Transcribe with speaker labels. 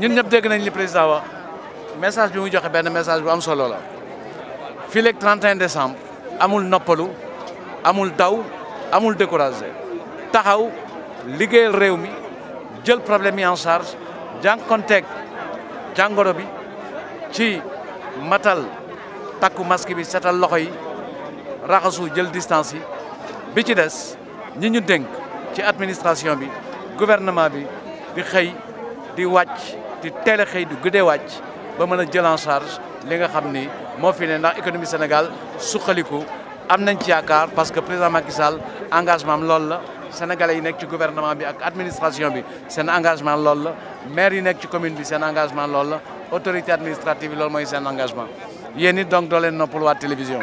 Speaker 1: ñun avons dégg nañ li président message message bu am solo la 31 décembre amul noppalu amul daw amul découragé taxaw liggéeyal réew mi jël problème yi en charge jàngoro bi ci matal setal raxasu jël distance yi bi ci administration bi gouvernement bi di di di teel du gudé wàcc ba mëna jël en charge li nga xam mo fi né ndax économie Sénégal suqaliku amnañ ci yakar parce que président Macky Sall engagement am la sénégalais yi nekk ci gouvernement bi ak administration bi un engagement lool la maire yi nekk ci commune bi seen engagement lool la autorité administrative lool moy mooy seen engagement yéni donc donc len leen wa télévision